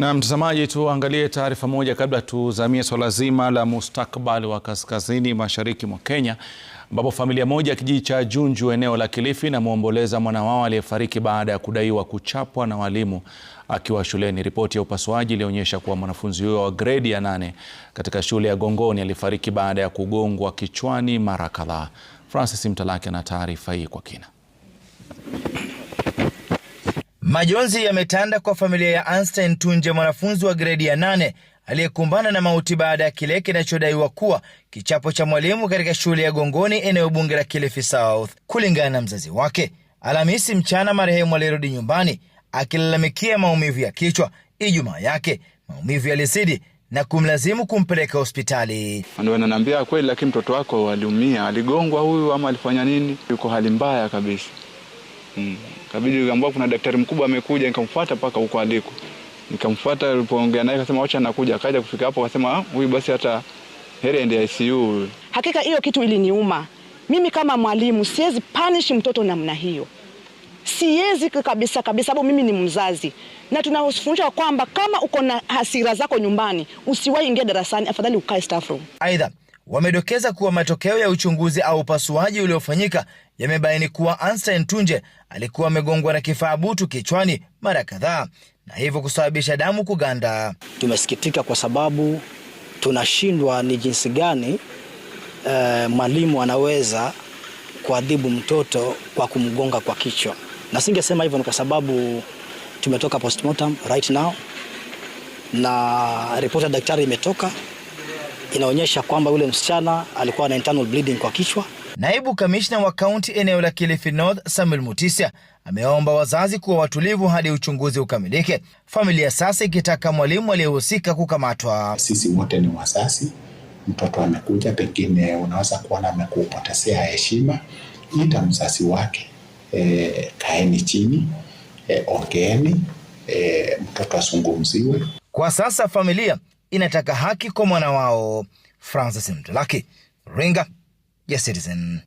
Na mtazamaji, tuangalie taarifa moja kabla tuzamie swala zima la mustakabali wa kaskazini mashariki mwa Kenya, ambapo familia moja ya kijiji cha Junju eneo la Kilifi inamwomboleza mwana wao aliyefariki baada ya kudaiwa kuchapwa na walimu akiwa shuleni. Ripoti ya upasuaji ilionyesha kuwa mwanafunzi huyo wa gredi ya nane katika shule ya Gongoni alifariki baada ya kugongwa kichwani mara kadhaa. Francis Mtalaki ana taarifa hii kwa kina. Majonzi yametanda kwa familia ya Einstein Tunje, mwanafunzi wa gredi ya nane aliyekumbana na mauti baada ya kile kinachodaiwa kuwa kichapo cha mwalimu katika shule ya Gongoni, eneo bunge la Kilifi South. Kulingana na mzazi wake, Alhamisi mchana marehemu alirudi nyumbani akilalamikia maumivu ya kichwa. Ijumaa yake maumivu yalizidi na kumlazimu kumpeleka hospitali. Ananiambia kweli, lakini mtoto wako aliumia, aligongwa huyu ama alifanya nini? Yuko hali mbaya kabisa. Mm. Kabidi ambao kuna daktari mkubwa amekuja nikamfuata paka huko aliko. Nikamfuata alipoongea naye akasema acha nakuja. Akaja kufika hapo akasema ah, huyu basi hata heri aende ICU. Hakika hiyo kitu iliniuma. Mimi kama mwalimu siwezi punish mtoto namna hiyo. Siwezi kabisa kabisa, sababu mimi ni mzazi na tunafundishwa kwamba kama uko na hasira zako nyumbani usiwahi ingia darasani, afadhali ukae staff room. Aidha, wamedokeza kuwa matokeo ya uchunguzi au upasuaji uliofanyika yamebaini kuwa Anstein Tunje alikuwa amegongwa na kifaa butu kichwani mara kadhaa na hivyo kusababisha damu kuganda. Tumesikitika kwa sababu tunashindwa ni jinsi gani eh, mwalimu anaweza kuadhibu mtoto kwa kumgonga kwa kichwa, na singesema hivyo ni kwa sababu tumetoka postmortem right now na ripoti ya daktari imetoka inaonyesha kwamba yule msichana alikuwa na internal bleeding kwa kichwa. Naibu kamishna wa kaunti eneo la Kilifi North Samuel Mutisia ameomba wazazi kuwa watulivu hadi uchunguzi ukamilike, familia sasa ikitaka mwalimu aliyehusika kukamatwa. Sisi wote ni wazazi, mtoto amekuja, pengine unaweza kuona amekupotezea heshima. Ita mzazi wake, e, kaeni chini, e, ongeeni, e, mtoto azungumziwe. Kwa sasa familia inataka haki kwa mwana wao Francis Mtalaki. Ringa ya Citizen.